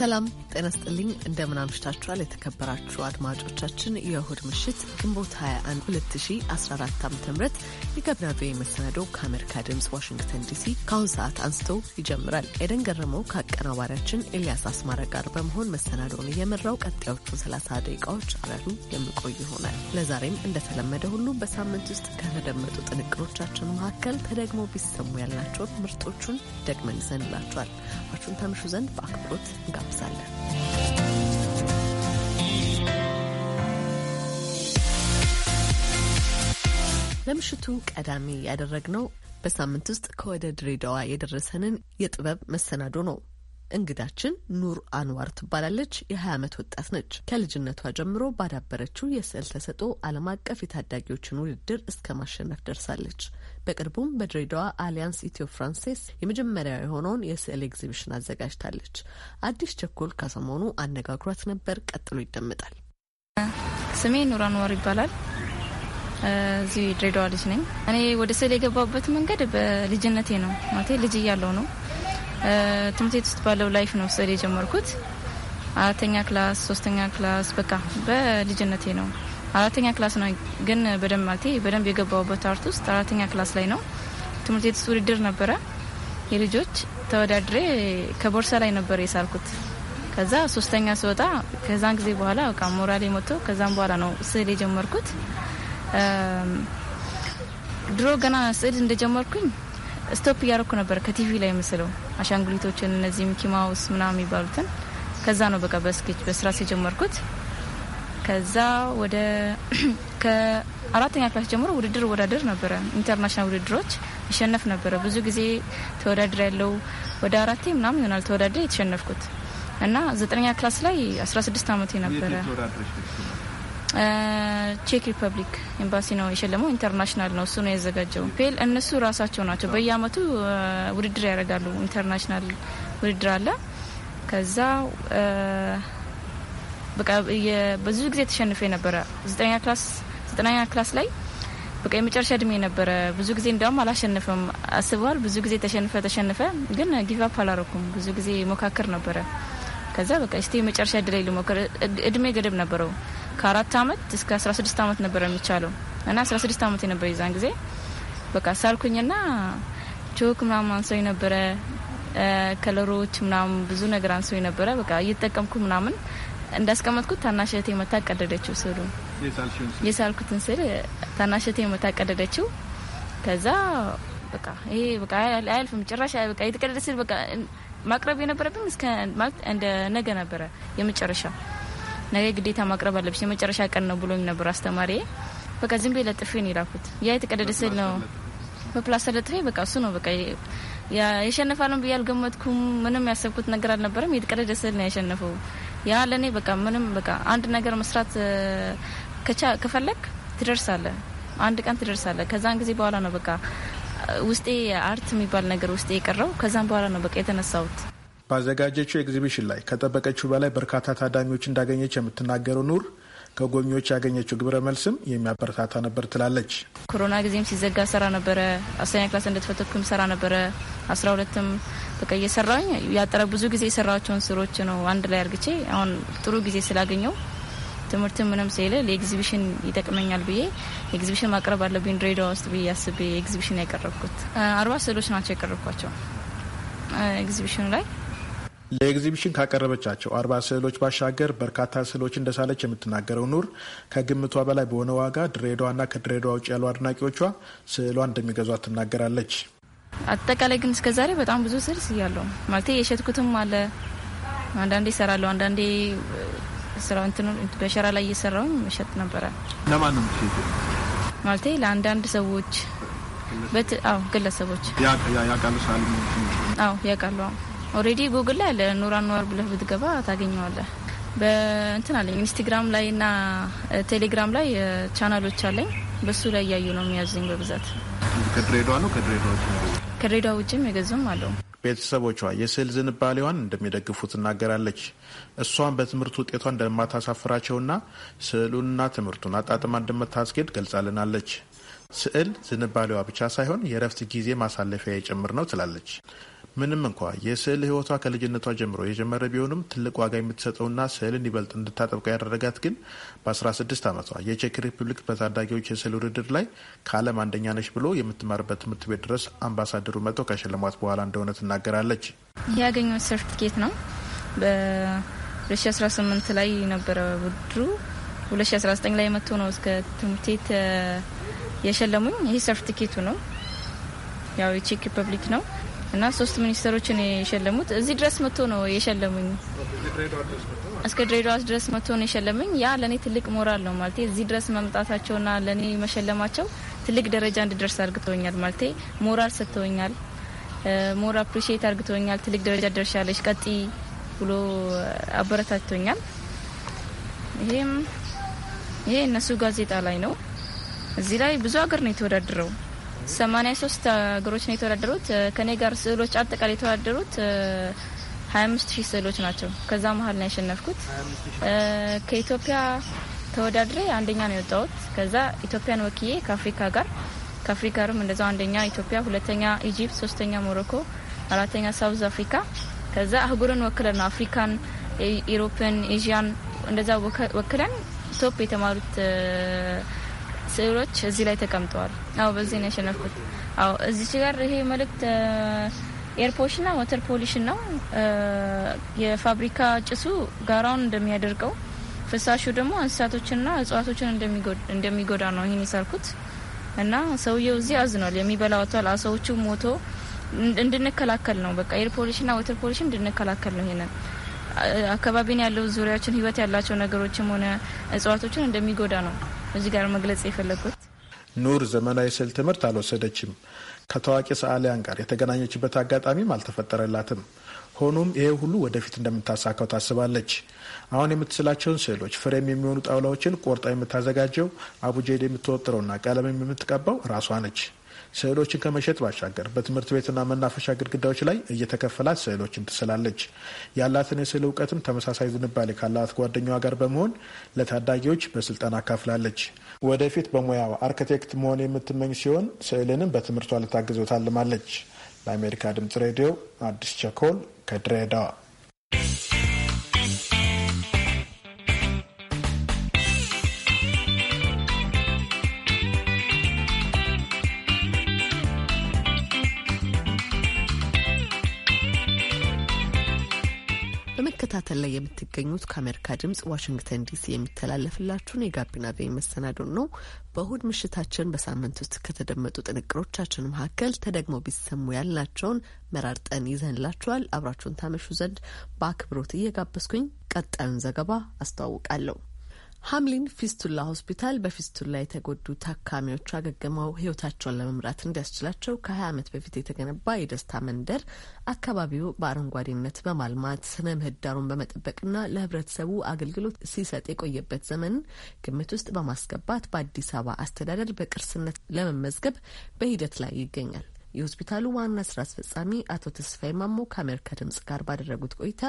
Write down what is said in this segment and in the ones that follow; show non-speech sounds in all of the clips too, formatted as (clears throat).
ሰላም ጤና ስጥልኝ እንደምን አምሽታችኋል የተከበራችሁ አድማጮቻችን የእሁድ ምሽት ግንቦት 21 2014 ዓ ም የጋቢና ቪኦኤ ከአሜሪካ ድምፅ ዋሽንግተን ዲሲ ከአሁን ሰዓት አንስቶ ይጀምራል ኤደን ገረመው ከአቀናባሪያችን ኤልያስ አስማረ ጋር በመሆን መሰናዶውን እየመራው ቀጣዮቹ 30 ደቂቃዎች አብረን የሚቆይ ይሆናል ለዛሬም እንደተለመደ ሁሉ በሳምንት ውስጥ ከተደመጡ ጥንቅሮቻችን መካከል ተደግሞ ቢሰሙ ያልናቸውን ምርጦቹን ደግመን ይዘንላችኋል አሁን ታምሹ ዘንድ በአክብሮት እንጋብዛለን። ለምሽቱ ቀዳሚ ያደረግነው በሳምንት ውስጥ ከወደ ድሬዳዋ የደረሰንን የጥበብ መሰናዶ ነው። እንግዳችን ኑር አንዋር ትባላለች። የ20 ዓመት ወጣት ነች። ከልጅነቷ ጀምሮ ባዳበረችው የስዕል ተሰጥኦ ዓለም አቀፍ የታዳጊዎችን ውድድር እስከ ማሸነፍ ደርሳለች። በቅርቡም በድሬዳዋ አሊያንስ ኢትዮ ፍራንሴስ የመጀመሪያ የሆነውን የስዕል ኤግዚቢሽን አዘጋጅታለች። አዲስ ቸኮል ከሰሞኑ አነጋግሯት ነበር። ቀጥሎ ይደመጣል። ስሜ ኑራ ኑዋር ይባላል። እዚህ ድሬዳዋ ልጅ ነኝ። እኔ ወደ ስዕል የገባበት መንገድ በልጅነቴ ነው። ማለቴ ልጅ እያለው ነው። ትምህርት ቤት ውስጥ ባለው ላይፍ ነው ስዕል የጀመርኩት። አራተኛ ክላስ፣ ሶስተኛ ክላስ በቃ በልጅነቴ ነው አራተኛ ክላስ ነው። ግን በደንብ ማለቴ በደንብ የገባሁበት አርት ውስጥ አራተኛ ክላስ ላይ ነው። ትምህርት ቤት ውድድር ነበረ የልጆች ተወዳድሬ ከቦርሳ ላይ ነበር የሳልኩት። ከዛ ሶስተኛ ስወጣ ከዛን ጊዜ በኋላ በቃ ሞራሌ ሞቶ ከዛም በኋላ ነው ስዕል የጀመርኩት። ድሮ ገና ስዕል እንደጀመርኩኝ ስቶፕ እያረኩ ነበር ከቲቪ ላይ ምስለው አሻንጉሊቶችን፣ እነዚህ ሚኪ ማውስ ምናምን የሚባሉትን ከዛ ነው በቃ በስኬች በስራ ሲጀመርኩት ከዛ ወደ (clears throat) ከአራተኛ ክላስ ጀምሮ ውድድር ወዳደር ነበረ። ኢንተርናሽናል ውድድሮች ይሸነፍ ነበረ። ብዙ ጊዜ ተወዳድር ያለው ወደ አራቴ ምናምን ይሆናል ተወዳድር የተሸነፍኩት እና ዘጠነኛ ክላስ ላይ 16 ዓመቴ ነበረ። ቼክ ሪፐብሊክ ኤምባሲ ነው የሸለመው። ኢንተርናሽናል ነው እሱ ነው ያዘጋጀው። ፔል እነሱ ራሳቸው ናቸው በየአመቱ ውድድር ያደርጋሉ። ኢንተርናሽናል ውድድር አለ። ከዛ በቃ ብዙ ጊዜ ተሸንፈ የነበረ ዘጠነኛ ክላስ ዘጠነኛ ክላስ ላይ በቃ የመጨረሻ እድሜ ነበረ። ብዙ ጊዜ እንዲያውም አላሸንፍም አስበዋል። ብዙ ጊዜ ተሸንፈ ተሸንፈ፣ ግን ጊቫፕ አላረኩም። ብዙ ጊዜ ሞካክር ነበረ። ከዛ በቃ እስቲ የመጨረሻ እድል ልሞክር። እድሜ ገደብ ነበረው ከአራት አመት እስከ አስራ ስድስት አመት ነበረ የሚቻለው እና አስራ ስድስት አመት የነበረ ይዛን ጊዜ በቃ ሳልኩኝና ቾክ ምናምን አንሰው ነበረ ከለሮች ምናምን ብዙ ነገር አንሰው ነበረ። በቃ እየተጠቀምኩ ምናምን እንዳስቀመጥኩት ታናሸቴ መታ ቀደደችው ስሉ የሳልኩትን ስል ታናሸቴ መታ ቀደደችው። ከዛ በቃ ይሄ በቃ አያልፍም ጭራሽ በቃ የተቀደደ ስል በቃ ማቅረብ የነበረብኝ እስከ እንደ ነገ ነበረ የመጨረሻ ነገ ግዴታ ማቅረብ አለብሽ የመጨረሻ ቀን ነው ብሎኝ ነበር አስተማሪ። በቃ ዝም ብዬ ለጥፌ ነው የላኩት። ያ የተቀደደ ስል ነው በፕላስተር ለጥፌ በቃ እሱ ነው በቃ የሸነፋለን ብዬ አልገመትኩም። ምንም ያሰብኩት ነገር አልነበረም። የተቀደደ ስል ነው ያሸነፈው። ያ ለእኔ በቃ ምንም በቃ አንድ ነገር መስራት ከቻ ከፈለግ ትደርሳለህ፣ አንድ ቀን ትደርሳለህ። ከዛን ጊዜ በኋላ ነው በቃ ውስጤ አርት የሚባል ነገር ውስጤ የቀረው። ከዛም በኋላ ነው በቃ የተነሳሁት። ባዘጋጀችው ኤግዚቢሽን ላይ ከጠበቀችው በላይ በርካታ ታዳሚዎች እንዳገኘች የምትናገረው ኑር ከጎብኚዎች ያገኘችው ግብረ መልስም የሚያበረታታ ነበር ትላለች። ኮሮና ጊዜም ሲዘጋ ሰራ ነበረ። አስተኛ ክላስ እንደተፈተኩም ሰራ ነበረ። አስራ ሁለትም በቃ እየሰራኝ ያጠረ ብዙ ጊዜ የሰራቸውን ስሮች ነው አንድ ላይ አርግቼ አሁን ጥሩ ጊዜ ስላገኘው ትምህርት ምንም ሲለ ለኤግዚቢሽን ይጠቅመኛል ብዬ ኤግዚቢሽን ማቅረብ አለብኝ ድሬዳዋ ውስጥ ብዬ አስቤ ኤግዚቢሽን ያቀረብኩት አርባ ስዕሎች ናቸው ያቀረብኳቸው ኤግዚቢሽኑ ላይ ለኤግዚቢሽን ካቀረበቻቸው አርባ ስዕሎች ባሻገር በርካታ ስዕሎች እንደሳለች የምትናገረው ኑር ከግምቷ በላይ በሆነ ዋጋ ድሬዳዋና ከድሬዳዋ ውጭ ያሉ አድናቂዎቿ ስዕሏ እንደሚገዟ ትናገራለች። አጠቃላይ ግን እስከዛሬ በጣም ብዙ ስዕል ስያለው ማለት የሸጥኩትም አለ። አንዳንዴ ይሰራለሁ፣ አንዳንዴ ስራ በሸራ ላይ እየሰራውም መሸጥ ነበረ። ለማን ነው ማለት ለአንዳንድ ሰዎች ግለሰቦች ያቃሉ ኦሬዲ ጉግል ላይ አለ ኑራ አንዋር ብለህ ብትገባ ታገኘዋለህ። በእንትን አለኝ ኢንስታግራም ላይ እና ቴሌግራም ላይ ቻናሎች አለኝ። በሱ ላይ እያዩ ነው የሚያዙኝ በብዛት ከድሬዳዋ ነው። ከድሬዳዋ ውጭም የገዙም አለው። ቤተሰቦቿ የስዕል ዝንባሌዋን እንደሚደግፉ ትናገራለች። እሷን በትምህርት ውጤቷ እንደማታሳፍራቸውና ስዕሉንና ትምህርቱን አጣጥማ እንደምታስጌድ ገልጻልናለች። ስዕል ዝንባሌዋ ብቻ ሳይሆን የእረፍት ጊዜ ማሳለፊያ የጭምር ነው ትላለች። ምንም እንኳ የስዕል ህይወቷ ከልጅነቷ ጀምሮ የጀመረ ቢሆንም ትልቅ ዋጋ የምትሰጠውና ስዕልን ይበልጥ እንድታጠብቀው ያደረጋት ግን በ16 ዓመቷ የቼክ ሪፐብሊክ በታዳጊዎች የስዕል ውድድር ላይ ከዓለም አንደኛ ነች ብሎ የምትማርበት ትምህርት ቤት ድረስ አምባሳደሩ መጥቶ ከሸለሟት በኋላ እንደሆነ ትናገራለች። ይህ ያገኘሁት ሰርቲፊኬት ነው። በ2018 ላይ ነበረ ውድድሩ። 2019 ላይ መጥቶ ነው እስከ ትምህርት ቤት የሸለሙኝ። ይህ ሰርቲፊኬቱ ነው። ያው የቼክ ሪፐብሊክ ነው እና ሶስት ነው የሸለሙት እዚህ ድረስ መጥቶ ነው የሸለሙኝ። እስከ ድሬዳዋ ድረስ መጥቶ ነው የሸለሙኝ። ያ ለእኔ ትልቅ ሞራል ነው ማለት እዚህ ድረስ መምጣታቸውና ለእኔ መሸለማቸው ትልቅ ደረጃ እንድደርስ አድርግቶኛል ማለት ሞራል ሰጥተውኛል። ሞር አፕሪሺየት አድርግቶኛል። ትልቅ ደረጃ ደርሻለች ቀጢ ብሎ አበረታቶኛል። ይህም ይሄ እነሱ ጋዜጣ ላይ ነው። እዚህ ላይ ብዙ ሀገር ነው የተወዳድረው። ሰማኒያ ሶስት ሀገሮች ነው የተወዳደሩት። ከኔ ጋር ስዕሎች አጠቃላይ የተወዳደሩት ሀያ አምስት ሺህ ስዕሎች ናቸው። ከዛ መሀል ነው ያሸነፍኩት። ከኢትዮጵያ ተወዳድሬ አንደኛ ነው የወጣሁት። ከዛ ኢትዮጵያን ወክዬ ከአፍሪካ ጋር ከአፍሪካርም እንደዛው አንደኛ ኢትዮጵያ፣ ሁለተኛ ኢጂፕት፣ ሶስተኛ ሞሮኮ፣ አራተኛ ሳውዝ አፍሪካ። ከዛ አህጉርን ወክለን ነው አፍሪካን፣ ኢሮፕን፣ ኤዥያን እንደዛ ወክለን ቶፕ የተማሩት ስዕሎች እዚህ ላይ ተቀምጠዋል። አዎ በዚህ ነው ያሸነፍኩት። አዎ እዚች ጋር ይሄ መልእክት ኤር ና ወተር ፖሊሽን ነው። የፋብሪካ ጭሱ ጋራውን እንደሚያደርቀው ፍሳሹ ደግሞ ና እጽዋቶችን እንደሚጎዳ ነው ይህን የሳልኩት እና ሰውየው እዚህ አዝኗል። የሚበላዋቷል አሰዎቹ ሞቶ እንድንከላከል ነው በቃ ኤር ና ወተር ፖሊሽ እንድንከላከል ነው ይሄንን አካባቢን ያለው ዙሪያችን ህይወት ያላቸው ነገሮችም ሆነ እጽዋቶችን እንደሚጎዳ ነው እዚህ ጋር መግለጽ የፈለጉት። ኑር ዘመናዊ ስዕል ትምህርት አልወሰደችም። ከታዋቂ ሰዓሊያን ጋር የተገናኘችበት አጋጣሚም አልተፈጠረላትም። ሆኖም ይሄ ሁሉ ወደፊት እንደምታሳካው ታስባለች። አሁን የምትስላቸውን ስዕሎች ፍሬም የሚሆኑ ጣውላዎችን ቆርጣ የምታዘጋጀው፣ አቡጀድ የምትወጥረውና ቀለምም የምትቀባው ራሷ ነች። ስዕሎችን ከመሸጥ ባሻገር በትምህርት ቤትና መናፈሻ ግድግዳዎች ላይ እየተከፈላት ስዕሎችን ትስላለች። ያላትን የስዕል እውቀትም ተመሳሳይ ዝንባሌ ካላት ጓደኛዋ ጋር በመሆን ለታዳጊዎች በስልጠና አካፍላለች። ወደፊት በሙያው አርክቴክት መሆን የምትመኝ ሲሆን ስዕልንም በትምህርቷ ልታግዘው ታልማለች። ለአሜሪካ ድምጽ ሬዲዮ አዲስ ቸኮል ከድሬዳዋ በመከታተል ላይ የምትገኙት ከአሜሪካ ድምጽ ዋሽንግተን ዲሲ የሚተላለፍላችሁን የጋቢና ቪኦኤ መሰናዶን ነው። በእሁድ ምሽታችን በሳምንት ውስጥ ከተደመጡ ጥንቅሮቻችን መካከል ተደግሞ ቢሰሙ ያልናቸውን መራርጠን ይዘንላችኋል። አብራችሁን ታመሹ ዘንድ በአክብሮት እየጋበዝኩኝ ቀጣዩን ዘገባ አስተዋውቃለሁ። ሀምሊን ፊስቱላ ሆስፒታል በፊስቱላ የተጎዱ ታካሚዎች አገግመው ህይወታቸውን ለመምራት እንዲያስችላቸው ከ20 ዓመት በፊት የተገነባ የደስታ መንደር አካባቢው በአረንጓዴነት በማልማት ስነ ምህዳሩን በመጠበቅና ለህብረተሰቡ አገልግሎት ሲሰጥ የቆየበት ዘመን ግምት ውስጥ በማስገባት በአዲስ አበባ አስተዳደር በቅርስነት ለመመዝገብ በሂደት ላይ ይገኛል። የሆስፒታሉ ዋና ስራ አስፈጻሚ አቶ ተስፋይ ማሞ ከአሜሪካ ድምጽ ጋር ባደረጉት ቆይታ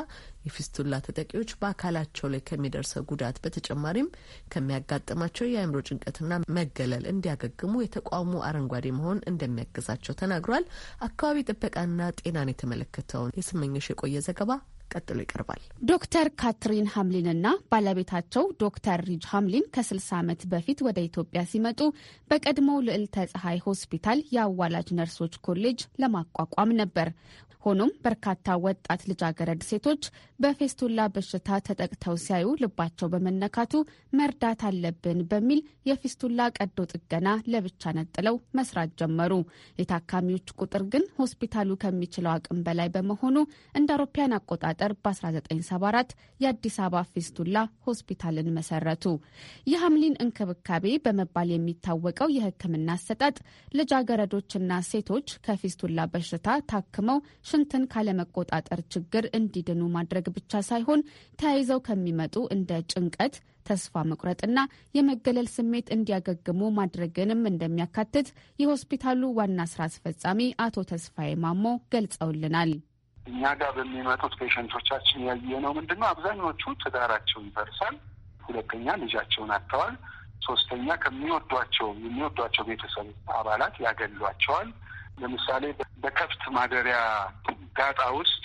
የፊስቱላ ተጠቂዎች በአካላቸው ላይ ከሚደርሰው ጉዳት በተጨማሪም ከሚያጋጥማቸው የአእምሮ ጭንቀትና መገለል እንዲያገግሙ የተቋሙ አረንጓዴ መሆን እንደሚያግዛቸው ተናግሯል። አካባቢ ጥበቃና ጤናን የተመለከተውን የስመኞሽ የቆየ ዘገባ ቀጥሎ ይቀርባል። ዶክተር ካትሪን ሀምሊንና ባለቤታቸው ዶክተር ሪጅ ሀምሊን ከ60 ዓመት በፊት ወደ ኢትዮጵያ ሲመጡ በቀድሞው ልዕልተ ፀሐይ ሆስፒታል የአዋላጅ ነርሶች ኮሌጅ ለማቋቋም ነበር። ሆኖም በርካታ ወጣት ልጃገረድ ሴቶች በፌስቱላ በሽታ ተጠቅተው ሲያዩ ልባቸው በመነካቱ መርዳት አለብን በሚል የፌስቱላ ቀዶ ጥገና ለብቻ ነጥለው መስራት ጀመሩ። የታካሚዎች ቁጥር ግን ሆስፒታሉ ከሚችለው አቅም በላይ በመሆኑ እንደ አውሮፓያን አቆጣጠር በ1974 የአዲስ አበባ ፌስቱላ ሆስፒታልን መሰረቱ። የሐምሊን እንክብካቤ በመባል የሚታወቀው የሕክምና አሰጣጥ ልጃገረዶችና ሴቶች ከፌስቱላ በሽታ ታክመው ሽንትን ካለመቆጣጠር ችግር እንዲድኑ ማድረግ ብቻ ሳይሆን ተያይዘው ከሚመጡ እንደ ጭንቀት፣ ተስፋ መቁረጥና የመገለል ስሜት እንዲያገግሙ ማድረግንም እንደሚያካትት የሆስፒታሉ ዋና ስራ አስፈጻሚ አቶ ተስፋዬ ማሞ ገልጸውልናል። እኛ ጋር በሚመጡት ፔሸንቶቻችን ያየ ነው ምንድነው አብዛኞቹ ትዳራቸው ይፈርሳል፣ ሁለተኛ ልጃቸውን አጥተዋል፣ ሶስተኛ ከሚወዷቸው የሚወዷቸው ቤተሰብ አባላት ያገሏቸዋል። ለምሳሌ በከብት ማደሪያ ጋጣ ውስጥ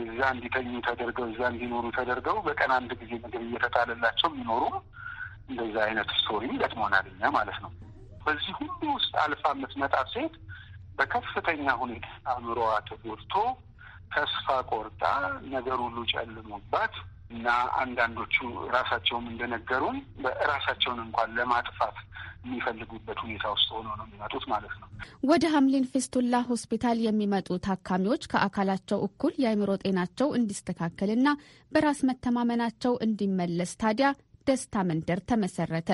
እዛ እንዲተኙ ተደርገው እዛ እንዲኖሩ ተደርገው በቀን አንድ ጊዜ ምግብ እየተጣለላቸው የሚኖሩ እንደዛ አይነት ስቶሪ ገጥሞናል እኛ ማለት ነው። በዚህ ሁሉ ውስጥ አልፋ የምትመጣ ሴት በከፍተኛ ሁኔታ አእምሮዋ ተጎድቶ ተስፋ ቆርጣ ነገር ሁሉ ጨልሞባት እና አንዳንዶቹ ራሳቸውም እንደነገሩን ራሳቸውን እንኳን ለማጥፋት የሚፈልጉበት ሁኔታ ውስጥ ሆኖ ነው የሚመጡት ማለት ነው። ወደ ሀምሊን ፌስቱላ ሆስፒታል የሚመጡ ታካሚዎች ከአካላቸው እኩል የአእምሮ ጤናቸው እንዲስተካከልና በራስ መተማመናቸው እንዲመለስ ታዲያ ደስታ መንደር ተመሰረተ።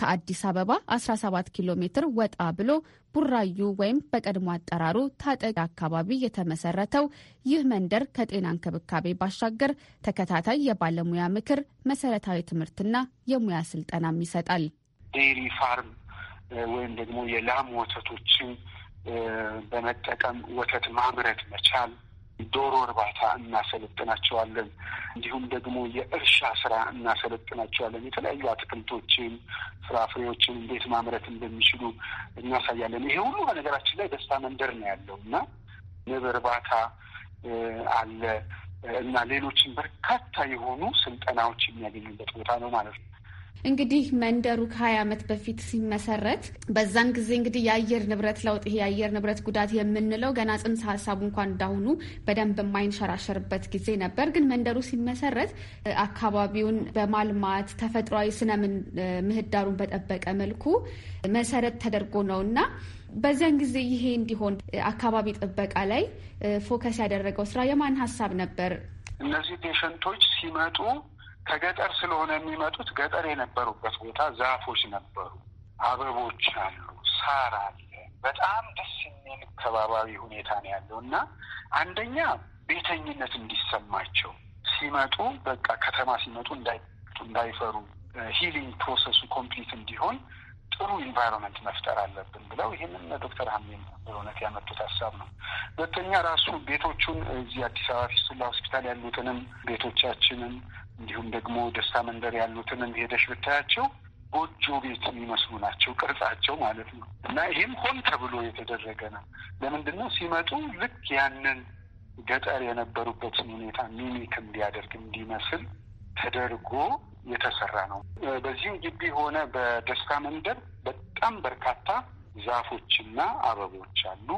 ከአዲስ አበባ 17 ኪሎ ሜትር ወጣ ብሎ ቡራዩ ወይም በቀድሞ አጠራሩ ታጠቅ አካባቢ የተመሰረተው ይህ መንደር ከጤና እንክብካቤ ባሻገር ተከታታይ የባለሙያ ምክር፣ መሰረታዊ ትምህርትና የሙያ ስልጠናም ይሰጣል። ዴሪ ፋርም ወይም ደግሞ የላም ወተቶችን በመጠቀም ወተት ማምረት መቻል ዶሮ እርባታ እናሰለጥናቸዋለን። እንዲሁም ደግሞ የእርሻ ስራ እናሰለጥናቸዋለን። የተለያዩ አትክልቶችን፣ ፍራፍሬዎችን እንዴት ማምረት እንደሚችሉ እናሳያለን። ይሄ ሁሉ በነገራችን ላይ ደስታ መንደር ነው ያለው እና ንብ እርባታ አለ እና ሌሎችን በርካታ የሆኑ ስልጠናዎች የሚያገኙበት ቦታ ነው ማለት ነው። እንግዲህ መንደሩ ከሀያ ዓመት በፊት ሲመሰረት በዛን ጊዜ እንግዲህ የአየር ንብረት ለውጥ ይሄ የአየር ንብረት ጉዳት የምንለው ገና ጽንሰ ሀሳቡ እንኳን እንዳሁኑ በደንብ የማይንሸራሸርበት ጊዜ ነበር። ግን መንደሩ ሲመሰረት አካባቢውን በማልማት ተፈጥሯዊ ስነ ምህዳሩን በጠበቀ መልኩ መሰረት ተደርጎ ነው እና በዚያን ጊዜ ይሄ እንዲሆን አካባቢ ጥበቃ ላይ ፎከስ ያደረገው ስራ የማን ሀሳብ ነበር? እነዚህ ፔሸንቶች ሲመጡ ከገጠር ስለሆነ የሚመጡት ገጠር የነበሩበት ቦታ ዛፎች ነበሩ፣ አበቦች አሉ፣ ሳር አለ። በጣም ደስ የሚል ከባባዊ ሁኔታ ነው ያለው እና አንደኛ ቤተኝነት እንዲሰማቸው ሲመጡ በቃ ከተማ ሲመጡ እንዳይፈሩ ሂሊንግ ፕሮሰሱ ኮምፕሊት እንዲሆን ጥሩ ኢንቫይሮንመንት መፍጠር አለብን ብለው ይህንን ዶክተር ሀሜን በእውነት ያመጡት ሀሳብ ነው። ሁለተኛ ራሱ ቤቶቹን እዚህ አዲስ አበባ ፊስቱላ ሆስፒታል ያሉትንም ቤቶቻችንን እንዲሁም ደግሞ ደስታ መንደር ያሉትን ሄደሽ ብታያቸው ጎጆ ቤት የሚመስሉ ናቸው ቅርጻቸው ማለት ነው። እና ይህም ሆን ተብሎ የተደረገ ነው። ለምንድን ነው ሲመጡ ልክ ያንን ገጠር የነበሩበትን ሁኔታ ሚሚክ እንዲያደርግ እንዲመስል ተደርጎ የተሰራ ነው። በዚህም ግቢ ሆነ በደስታ መንደር በጣም በርካታ ዛፎችና አበቦች አሉ።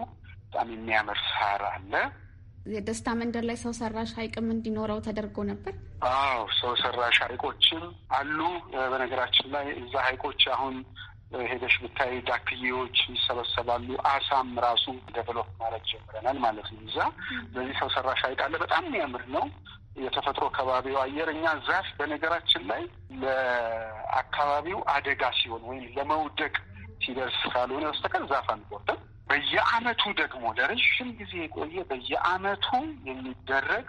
በጣም የሚያምር ሳር አለ። የደስታ መንደር ላይ ሰው ሰራሽ ሐይቅም እንዲኖረው ተደርጎ ነበር። አዎ ሰው ሰራሽ ሐይቆችም አሉ። በነገራችን ላይ እዛ ሐይቆች አሁን ሄደሽ ብታይ ዳክዬዎች ይሰበሰባሉ። አሳም ራሱ ደቨሎፕ ማለት ጀምረናል ማለት ነው። እዛ በዚህ ሰው ሰራሽ ሐይቅ አለ። በጣም የሚያምር ነው የተፈጥሮ ከባቢው አየር። እኛ ዛፍ በነገራችን ላይ ለአካባቢው አደጋ ሲሆን ወይም ለመውደቅ ሲደርስ ካልሆነ በስተቀር ዛፍ አንቆርጥም። በየአመቱ ደግሞ ለረዥም ጊዜ የቆየ በየአመቱ የሚደረግ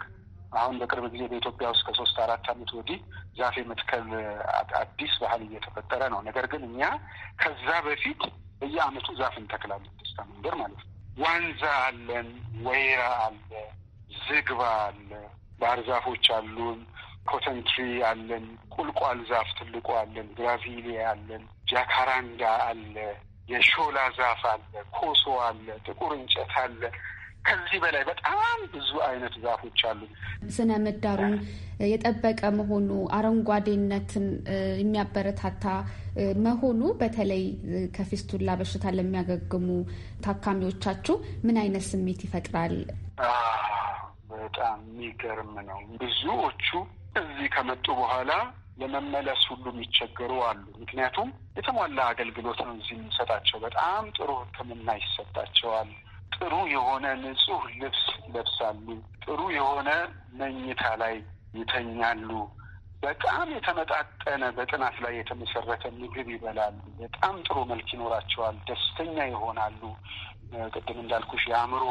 አሁን በቅርብ ጊዜ በኢትዮጵያ ውስጥ ከሶስት አራት አመት ወዲህ ዛፍ የመትከል አዲስ ባህል እየተፈጠረ ነው። ነገር ግን እኛ ከዛ በፊት በየአመቱ ዛፍ እንተክላለን። ደስታ መንገድ ማለት ነው። ዋንዛ አለን፣ ወይራ አለ፣ ዝግባ አለ፣ ባህር ዛፎች አሉን፣ ኮተንትሪ አለን፣ ቁልቋል ዛፍ ትልቁ አለን፣ ግራቪሊያ አለን፣ ጃካራንዳ አለ የሾላ ዛፍ አለ፣ ኮሶ አለ፣ ጥቁር እንጨት አለ። ከዚህ በላይ በጣም ብዙ አይነት ዛፎች አሉ። ስነ ምህዳሩን የጠበቀ መሆኑ አረንጓዴነትን የሚያበረታታ መሆኑ በተለይ ከፊስቱላ በሽታ ለሚያገግሙ ታካሚዎቻችሁ ምን አይነት ስሜት ይፈጥራል? በጣም የሚገርም ነው። ብዙዎቹ እዚህ ከመጡ በኋላ ለመመለስ ሁሉ የሚቸገሩ አሉ። ምክንያቱም የተሟላ አገልግሎት ነው እዚህ የምንሰጣቸው። በጣም ጥሩ ሕክምና ይሰጣቸዋል። ጥሩ የሆነ ንጹህ ልብስ ይለብሳሉ። ጥሩ የሆነ መኝታ ላይ ይተኛሉ። በጣም የተመጣጠነ በጥናት ላይ የተመሰረተ ምግብ ይበላሉ። በጣም ጥሩ መልክ ይኖራቸዋል። ደስተኛ ይሆናሉ። ቅድም እንዳልኩሽ የአእምሮ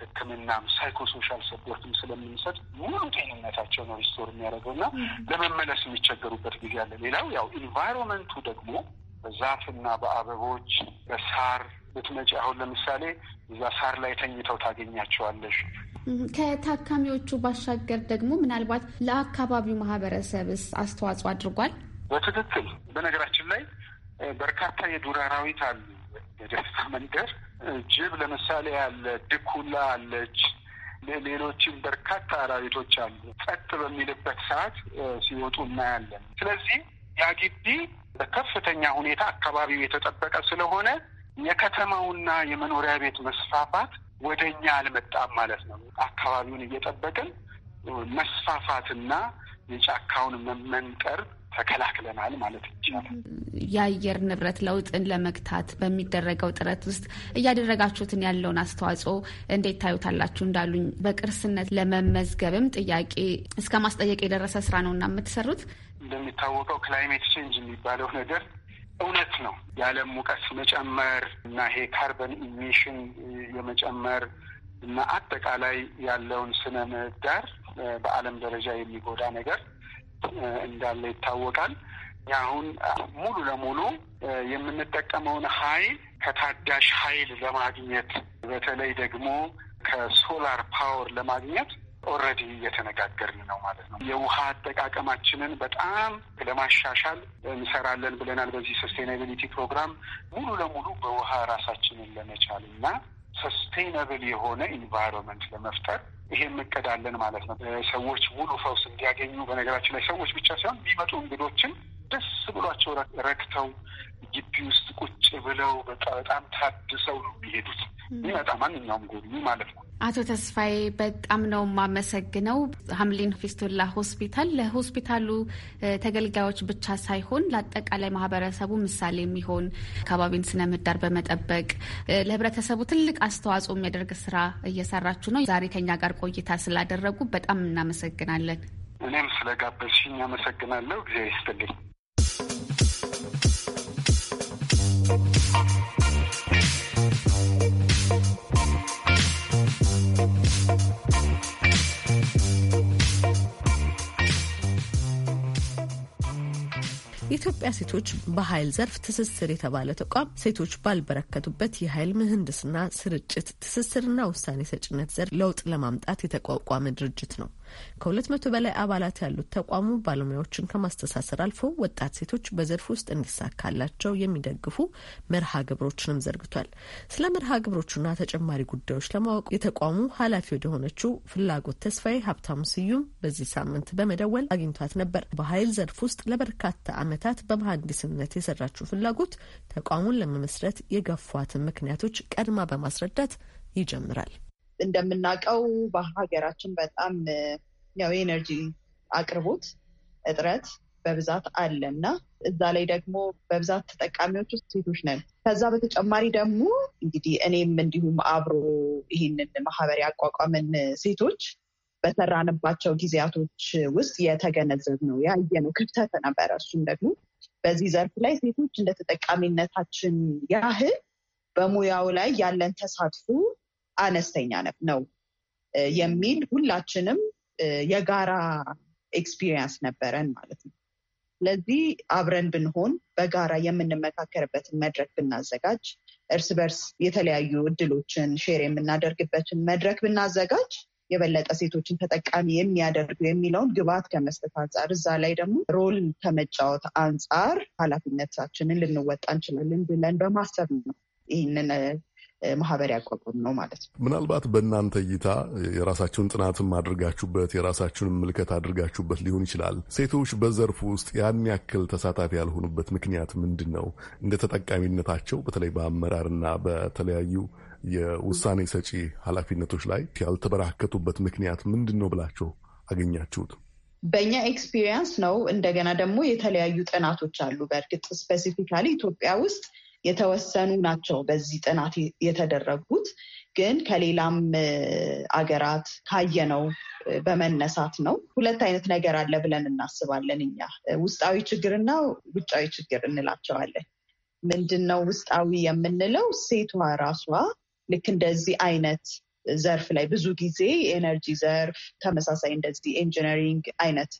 ሕክምናም ሳይኮሶሻል ሰፖርትም ስለምንሰጥ ሙሉ ጤንነታቸው ነው ሪስቶር የሚያደርገው እና ለመመለስ የሚቸገሩበት ጊዜ አለ። ሌላው ያው ኢንቫይሮንመንቱ ደግሞ በዛፍና በአበቦች በሳር ብትመጪ አሁን ለምሳሌ እዛ ሳር ላይ ተኝተው ታገኛቸዋለሽ። ከታካሚዎቹ ባሻገር ደግሞ ምናልባት ለአካባቢው ማህበረሰብስ አስተዋጽኦ አድርጓል? በትክክል በነገራችን ላይ በርካታ የዱር አራዊት አሉ የደስታ መንደር ጅብ ለምሳሌ አለ፣ ድኩላ አለች፣ ሌሎችም በርካታ አራዊቶች አሉ። ጸጥ በሚልበት ሰዓት ሲወጡ እናያለን። ስለዚህ ያ ግቢ በከፍተኛ ሁኔታ አካባቢው የተጠበቀ ስለሆነ የከተማውና የመኖሪያ ቤት መስፋፋት ወደ እኛ አልመጣም ማለት ነው። አካባቢውን እየጠበቅን መስፋፋትና የጫካውን መመንጠር ተከላክለናል ማለት ይቻላል። የአየር ንብረት ለውጥን ለመግታት በሚደረገው ጥረት ውስጥ እያደረጋችሁትን ያለውን አስተዋጽኦ እንዴት ታዩታላችሁ? እንዳሉኝ በቅርስነት ለመመዝገብም ጥያቄ እስከ ማስጠየቅ የደረሰ ስራ ነው እና የምትሰሩት። እንደሚታወቀው ክላይሜት ቼንጅ የሚባለው ነገር እውነት ነው። የዓለም ሙቀት መጨመር እና ይሄ ካርበን ኢሚሽን የመጨመር እና አጠቃላይ ያለውን ስነ ምህዳር በዓለም ደረጃ የሚጎዳ ነገር እንዳለ ይታወቃል። አሁን ሙሉ ለሙሉ የምንጠቀመውን ኃይል ከታዳሽ ኃይል ለማግኘት በተለይ ደግሞ ከሶላር ፓወር ለማግኘት ኦልሬዲ እየተነጋገርን ነው ማለት ነው። የውሃ አጠቃቀማችንን በጣም ለማሻሻል እንሰራለን ብለናል። በዚህ ሰስቴናቢሊቲ ፕሮግራም ሙሉ ለሙሉ በውሃ ራሳችንን ለመቻል እና ሰስቴይነብል የሆነ ኢንቫይሮንመንት ለመፍጠር ይሄን እቅዳለን ማለት ነው። ሰዎች ሙሉ ፈውስ እንዲያገኙ በነገራችን ላይ ሰዎች ብቻ ሳይሆን የሚመጡ እንግዶችን ደስ ብሏቸው ረክተው ግቢ ውስጥ ቁጭ ብለው በጣም ታድሰው ነው የሚሄዱት። የሚመጣ ማንኛውም ጎብኚ ማለት ነው። አቶ ተስፋዬ በጣም ነው የማመሰግነው። ሀምሊን ፊስቱላ ሆስፒታል ለሆስፒታሉ ተገልጋዮች ብቻ ሳይሆን ለአጠቃላይ ማህበረሰቡ ምሳሌ የሚሆን አካባቢን ስነ ምህዳር በመጠበቅ ለህብረተሰቡ ትልቅ አስተዋጽኦ የሚያደርግ ስራ እየሰራችሁ ነው። ዛሬ ከኛ ጋር ቆይታ ስላደረጉ በጣም እናመሰግናለን። እኔም ስለጋበዝሽኝ አመሰግናለሁ። እግዚአብሔር ይስጥልኝ። የኢትዮጵያ ሴቶች በኃይል ዘርፍ ትስስር የተባለ ተቋም ሴቶች ባልበረከቱበት የኃይል ምህንድስና ስርጭት ትስስርና ውሳኔ ሰጭነት ዘርፍ ለውጥ ለማምጣት የተቋቋመ ድርጅት ነው። ከሁለት መቶ በላይ አባላት ያሉት ተቋሙ ባለሙያዎችን ከማስተሳሰር አልፎ ወጣት ሴቶች በዘርፍ ውስጥ እንዲሳካላቸው የሚደግፉ መርሃ ግብሮችንም ዘርግቷል። ስለ መርሃ ግብሮቹና ተጨማሪ ጉዳዮች ለማወቅ የተቋሙ ኃላፊ ወደሆነችው ፍላጎት ተስፋዬ ሀብታሙ ስዩም በዚህ ሳምንት በመደወል አግኝቷት ነበር። በኃይል ዘርፍ ውስጥ ለበርካታ ዓመታት በመሀንዲስነት የሰራችው ፍላጎት ተቋሙን ለመመስረት የገፏትን ምክንያቶች ቀድማ በማስረዳት ይጀምራል። እንደምናውቀው በሀገራችን በጣም ያው የኤነርጂ አቅርቦት እጥረት በብዛት አለ እና እዛ ላይ ደግሞ በብዛት ተጠቃሚዎች ውስጥ ሴቶች ነን። ከዛ በተጨማሪ ደግሞ እንግዲህ እኔም እንዲሁም አብሮ ይህንን ማህበር ያቋቋመን ሴቶች በሰራንባቸው ጊዜያቶች ውስጥ የተገነዘብ ነው ያየ ነው ክፍተት ነበረ። እሱም ደግሞ በዚህ ዘርፍ ላይ ሴቶች እንደ ተጠቃሚነታችን ያህል በሙያው ላይ ያለን ተሳትፎ አነስተኛ ነው የሚል ሁላችንም የጋራ ኤክስፒሪየንስ ነበረን ማለት ነው። ስለዚህ አብረን ብንሆን በጋራ የምንመካከርበትን መድረክ ብናዘጋጅ፣ እርስ በርስ የተለያዩ እድሎችን ሼር የምናደርግበትን መድረክ ብናዘጋጅ የበለጠ ሴቶችን ተጠቃሚ የሚያደርጉ የሚለውን ግብዓት ከመስጠት አንጻር እዛ ላይ ደግሞ ሮል ከመጫወት አንጻር ኃላፊነታችንን ልንወጣ እንችላለን ብለን በማሰብ ነው ይህንን ማህበር ያቋቋም ነው ማለት ነው። ምናልባት በእናንተ እይታ የራሳችሁን ጥናትም አድርጋችሁበት የራሳችሁን ምልከት አድርጋችሁበት ሊሆን ይችላል። ሴቶች በዘርፉ ውስጥ ያን ያክል ተሳታፊ ያልሆኑበት ምክንያት ምንድን ነው? እንደ ተጠቃሚነታቸው በተለይ በአመራርና በተለያዩ የውሳኔ ሰጪ ኃላፊነቶች ላይ ያልተበራከቱበት ምክንያት ምንድን ነው ብላችሁ አገኛችሁት? በእኛ ኤክስፒሪየንስ ነው። እንደገና ደግሞ የተለያዩ ጥናቶች አሉ። በእርግጥ ስፔሲፊካሊ ኢትዮጵያ ውስጥ የተወሰኑ ናቸው በዚህ ጥናት የተደረጉት። ግን ከሌላም አገራት ካየነው በመነሳት ነው። ሁለት አይነት ነገር አለ ብለን እናስባለን እኛ ውስጣዊ ችግርና ውጫዊ ችግር እንላቸዋለን። ምንድን ነው ውስጣዊ የምንለው? ሴቷ ራሷ ልክ እንደዚህ አይነት ዘርፍ ላይ ብዙ ጊዜ የኤነርጂ ዘርፍ ተመሳሳይ እንደዚህ ኢንጂነሪንግ አይነት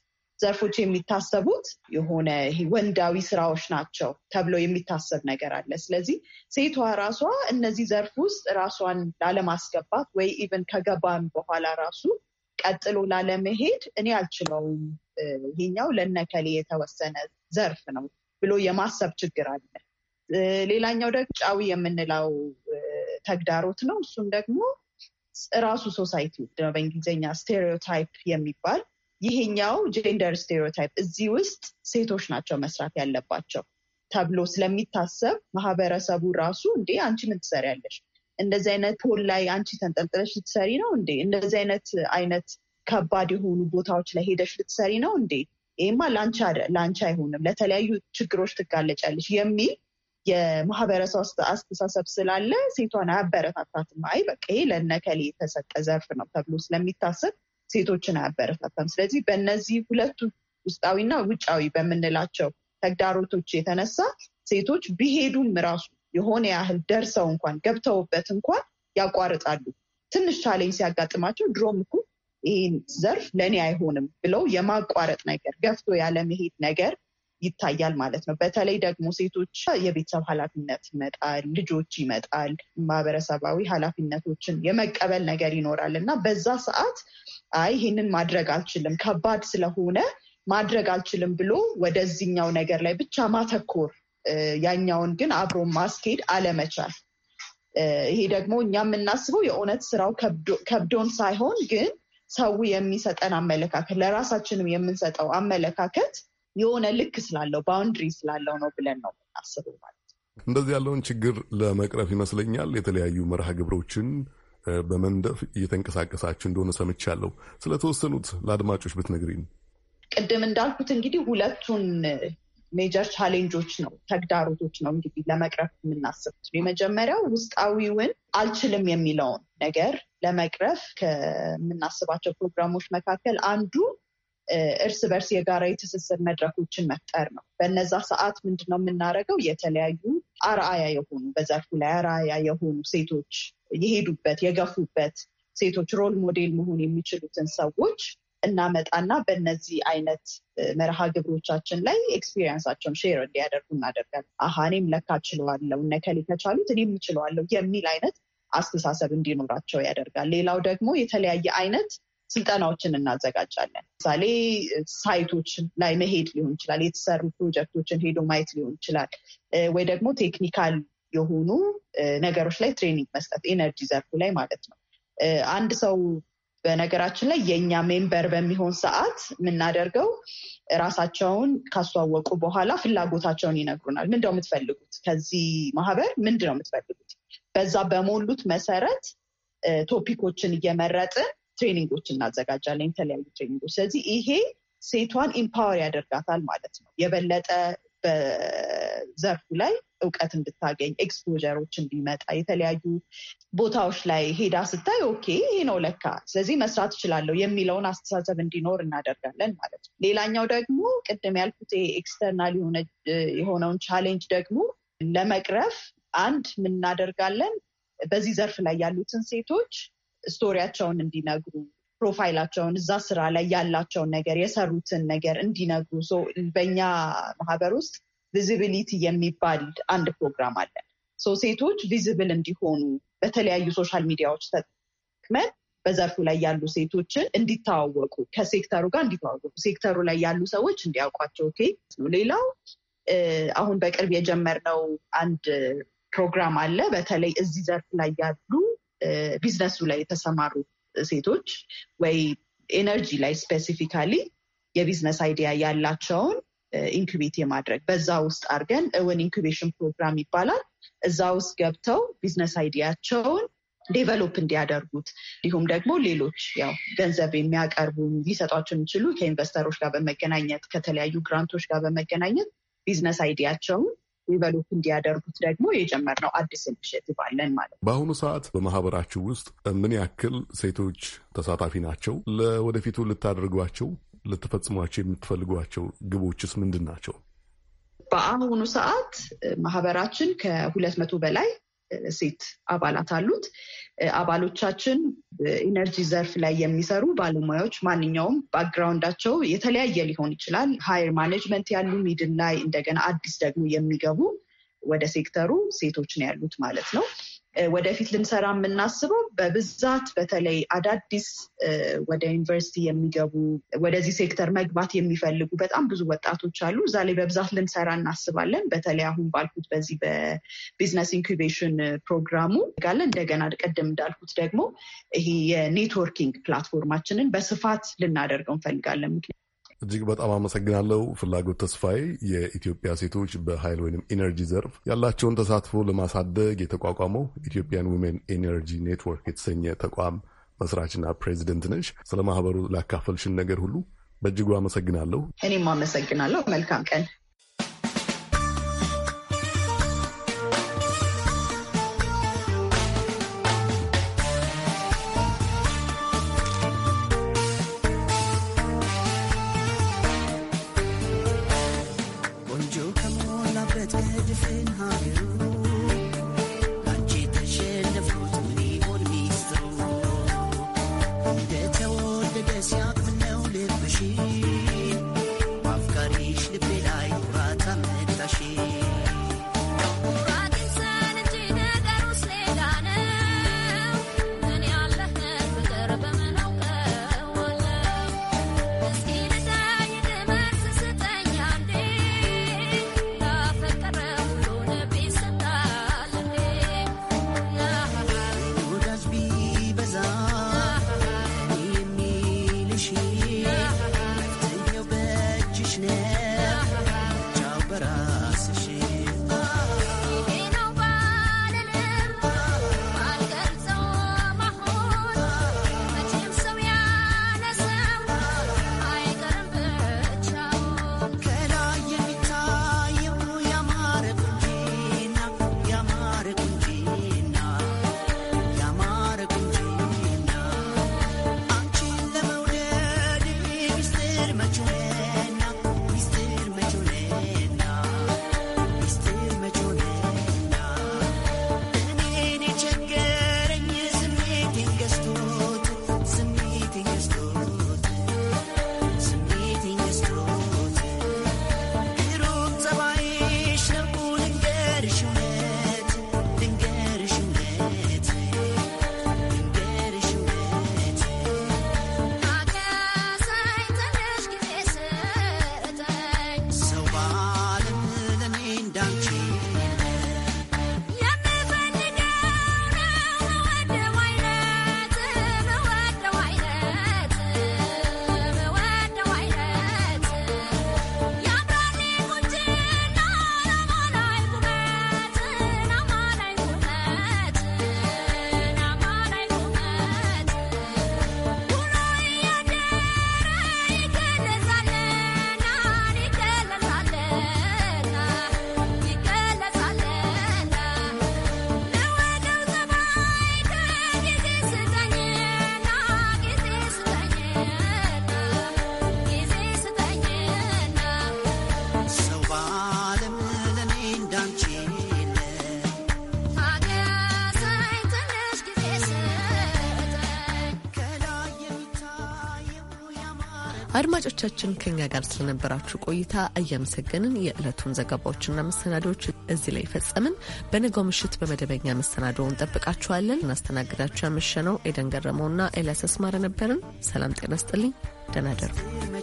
ዘርፎች የሚታሰቡት የሆነ ወንዳዊ ስራዎች ናቸው ተብለው የሚታሰብ ነገር አለ። ስለዚህ ሴቷ ራሷ እነዚህ ዘርፍ ውስጥ ራሷን ላለማስገባት ወይ ኢቨን ከገባን በኋላ ራሱ ቀጥሎ ላለመሄድ እኔ አልችለውም፣ ይሄኛው ለነከሌ የተወሰነ ዘርፍ ነው ብሎ የማሰብ ችግር አለ። ሌላኛው ደግሞ ጫዊ የምንለው ተግዳሮት ነው። እሱም ደግሞ ራሱ ሶሳይቲ በእንግሊዝኛ ስቴሪዮታይፕ የሚባል ይሄኛው ጄንደር ስቴሪዮታይፕ እዚህ ውስጥ ሴቶች ናቸው መስራት ያለባቸው ተብሎ ስለሚታሰብ ማህበረሰቡ ራሱ እንዴ አንቺ ምን ትሰሪያለሽ? እንደዚህ አይነት ፖል ላይ አንቺ ተንጠልጥለሽ ልትሰሪ ነው እንዴ? እንደዚህ አይነት አይነት ከባድ የሆኑ ቦታዎች ላይ ሄደሽ ልትሰሪ ነው እንዴ? ይህማ ለአንቺ አይሆንም፣ ለተለያዩ ችግሮች ትጋለጫለች የሚል የማህበረሰብ አስተሳሰብ ስላለ ሴቷን አያበረታታትም። አይ በቃ ይሄ ለነከሌ የተሰጠ ዘርፍ ነው ተብሎ ስለሚታሰብ ሴቶችን አያበረታታም። ስለዚህ በእነዚህ ሁለቱ ውስጣዊና ውጫዊ በምንላቸው ተግዳሮቶች የተነሳ ሴቶች ቢሄዱም ራሱ የሆነ ያህል ደርሰው እንኳን ገብተውበት እንኳን ያቋርጣሉ። ትንሽ ቻሌንጅ ሲያጋጥማቸው ድሮም እኮ ይህን ዘርፍ ለእኔ አይሆንም ብለው የማቋረጥ ነገር ገፍቶ ያለመሄድ ነገር ይታያል ማለት ነው። በተለይ ደግሞ ሴቶች የቤተሰብ ኃላፊነት ይመጣል፣ ልጆች ይመጣል፣ ማህበረሰባዊ ኃላፊነቶችን የመቀበል ነገር ይኖራል እና በዛ ሰዓት አይ ይህንን ማድረግ አልችልም ከባድ ስለሆነ ማድረግ አልችልም ብሎ ወደዚህኛው ነገር ላይ ብቻ ማተኮር፣ ያኛውን ግን አብሮ ማስኬድ አለመቻል ይሄ ደግሞ እኛ የምናስበው የእውነት ስራው ከብዶን ሳይሆን ግን ሰው የሚሰጠን አመለካከት ለራሳችንም የምንሰጠው አመለካከት የሆነ ልክ ስላለው ባውንድሪ ስላለው ነው ብለን ነው የምናስበው ማለት ነው። እንደዚህ ያለውን ችግር ለመቅረፍ ይመስለኛል የተለያዩ መርሃ ግብሮችን በመንደፍ እየተንቀሳቀሳችሁ እንደሆነ ሰምቻለሁ። ስለተወሰኑት ለአድማጮች ብትነግሪን። ቅድም እንዳልኩት እንግዲህ ሁለቱን ሜጀር ቻሌንጆች ነው ተግዳሮቶች ነው እንግዲህ ለመቅረፍ የምናስቡት። የመጀመሪያው ውስጣዊውን አልችልም የሚለውን ነገር ለመቅረፍ ከምናስባቸው ፕሮግራሞች መካከል አንዱ እርስ በርስ የጋራ የትስስር መድረኮችን መፍጠር ነው። በነዛ ሰዓት ምንድን ነው የምናደርገው? የተለያዩ አርአያ የሆኑ በዘርፉ ላይ አርአያ የሆኑ ሴቶች የሄዱበት የገፉበት ሴቶች ሮል ሞዴል መሆን የሚችሉትን ሰዎች እናመጣና በእነዚህ አይነት መርሃ ግብሮቻችን ላይ ኤክስፒሪየንሳቸውን ሼር እንዲያደርጉ እናደርጋል። አሀ እኔም ለካ ችለዋለው እነ ከቻሉት እኔም ይችለዋለው የሚል አይነት አስተሳሰብ እንዲኖራቸው ያደርጋል። ሌላው ደግሞ የተለያየ አይነት ስልጠናዎችን እናዘጋጃለን። ምሳሌ ሳይቶች ላይ መሄድ ሊሆን ይችላል፣ የተሰሩ ፕሮጀክቶችን ሄዶ ማየት ሊሆን ይችላል፣ ወይ ደግሞ ቴክኒካል የሆኑ ነገሮች ላይ ትሬኒንግ መስጠት ኤነርጂ ዘርፉ ላይ ማለት ነው። አንድ ሰው በነገራችን ላይ የእኛ ሜምበር በሚሆን ሰዓት የምናደርገው ራሳቸውን ካስተዋወቁ በኋላ ፍላጎታቸውን ይነግሩናል። ምንድነው የምትፈልጉት? ከዚህ ማህበር ምንድነው የምትፈልጉት? በዛ በሞሉት መሰረት ቶፒኮችን እየመረጥን ትሬኒንጎች እናዘጋጃለን፣ የተለያዩ ትሬኒንጎች። ስለዚህ ይሄ ሴቷን ኢምፓወር ያደርጋታል ማለት ነው። የበለጠ በዘርፉ ላይ እውቀት እንድታገኝ ኤክስፖጀሮች እንዲመጣ የተለያዩ ቦታዎች ላይ ሄዳ ስታይ ኦኬ ይሄ ነው ለካ፣ ስለዚህ መስራት እችላለሁ የሚለውን አስተሳሰብ እንዲኖር እናደርጋለን ማለት ነው። ሌላኛው ደግሞ ቅድም ያልኩት ኤክስተርናል የሆነውን ቻሌንጅ ደግሞ ለመቅረፍ አንድ ምን እናደርጋለን በዚህ ዘርፍ ላይ ያሉትን ሴቶች ስቶሪያቸውን እንዲነግሩ ፕሮፋይላቸውን እዛ ስራ ላይ ያላቸውን ነገር የሰሩትን ነገር እንዲነግሩ በእኛ ማህበር ውስጥ ቪዚቢሊቲ የሚባል አንድ ፕሮግራም አለ። ሴቶች ቪዚብል እንዲሆኑ በተለያዩ ሶሻል ሚዲያዎች ተጠቅመን በዘርፉ ላይ ያሉ ሴቶችን እንዲተዋወቁ ከሴክተሩ ጋር እንዲተዋወቁ ሴክተሩ ላይ ያሉ ሰዎች እንዲያውቋቸው። ኦኬ ሌላው አሁን በቅርብ የጀመርነው አንድ ፕሮግራም አለ። በተለይ እዚህ ዘርፍ ላይ ያሉ ቢዝነሱ ላይ የተሰማሩ ሴቶች ወይ ኤነርጂ ላይ ስፔሲፊካሊ የቢዝነስ አይዲያ ያላቸውን ኢንኩቤት የማድረግ በዛ ውስጥ አድርገን እውን ኢንኩቤሽን ፕሮግራም ይባላል። እዛ ውስጥ ገብተው ቢዝነስ አይዲያቸውን ዴቨሎፕ እንዲያደርጉት እንዲሁም ደግሞ ሌሎች ያው ገንዘብ የሚያቀርቡ ሊሰጧቸው የሚችሉ ከኢንቨስተሮች ጋር በመገናኘት ከተለያዩ ግራንቶች ጋር በመገናኘት ቢዝነስ አይዲያቸውን ዲቨሎፕ እንዲያደርጉት ደግሞ የጀመርነው አዲስ ኢኒሽቲቭ አለን ማለት ነው። በአሁኑ ሰዓት በማህበራችሁ ውስጥ ምን ያክል ሴቶች ተሳታፊ ናቸው? ለወደፊቱ ልታደርጓቸው ልትፈጽሟቸው የምትፈልጓቸው ግቦችስ ምንድን ናቸው? በአሁኑ ሰዓት ማህበራችን ከሁለት መቶ በላይ ሴት አባላት አሉት። አባሎቻችን በኢነርጂ ዘርፍ ላይ የሚሰሩ ባለሙያዎች ማንኛውም ባክግራውንዳቸው የተለያየ ሊሆን ይችላል። ሃየር ማኔጅመንት ያሉ ሚድን ላይ እንደገና አዲስ ደግሞ የሚገቡ ወደ ሴክተሩ ሴቶች ነው ያሉት ማለት ነው። ወደፊት ልንሰራ የምናስበው በብዛት በተለይ አዳዲስ ወደ ዩኒቨርሲቲ የሚገቡ ወደዚህ ሴክተር መግባት የሚፈልጉ በጣም ብዙ ወጣቶች አሉ። እዛ ላይ በብዛት ልንሰራ እናስባለን። በተለይ አሁን ባልኩት በዚህ በቢዝነስ ኢንኩቤሽን ፕሮግራሙ ጋለ እንደገና ቀደም እንዳልኩት ደግሞ ይሄ የኔትወርኪንግ ፕላትፎርማችንን በስፋት ልናደርገው እንፈልጋለን ምክንያት እጅግ በጣም አመሰግናለሁ። ፍላጎት ተስፋዬ የኢትዮጵያ ሴቶች በኃይል ወይም ኢነርጂ ዘርፍ ያላቸውን ተሳትፎ ለማሳደግ የተቋቋመው ኢትዮጵያን ዊሜን ኢነርጂ ኔትወርክ የተሰኘ ተቋም መስራችና ፕሬዚደንት ነሽ። ስለ ማህበሩ ላካፈልሽን ነገር ሁሉ በእጅጉ አመሰግናለሁ። እኔም አመሰግናለሁ። መልካም ቀን። አድማጮቻችን ከኛ ጋር ስለነበራችሁ ቆይታ እያመሰገንን የዕለቱን ዘገባዎችና መሰናዶዎች እዚህ ላይ ፈጸምን። በነገው ምሽት በመደበኛ መሰናዶ እንጠብቃችኋለን። እናስተናግዳችሁ ያመሸነው ኤደን ገረመውና ኤልያስ አስማረ ነበርን። ሰላም ጤና ስጥልኝ። ደህና ደሩ።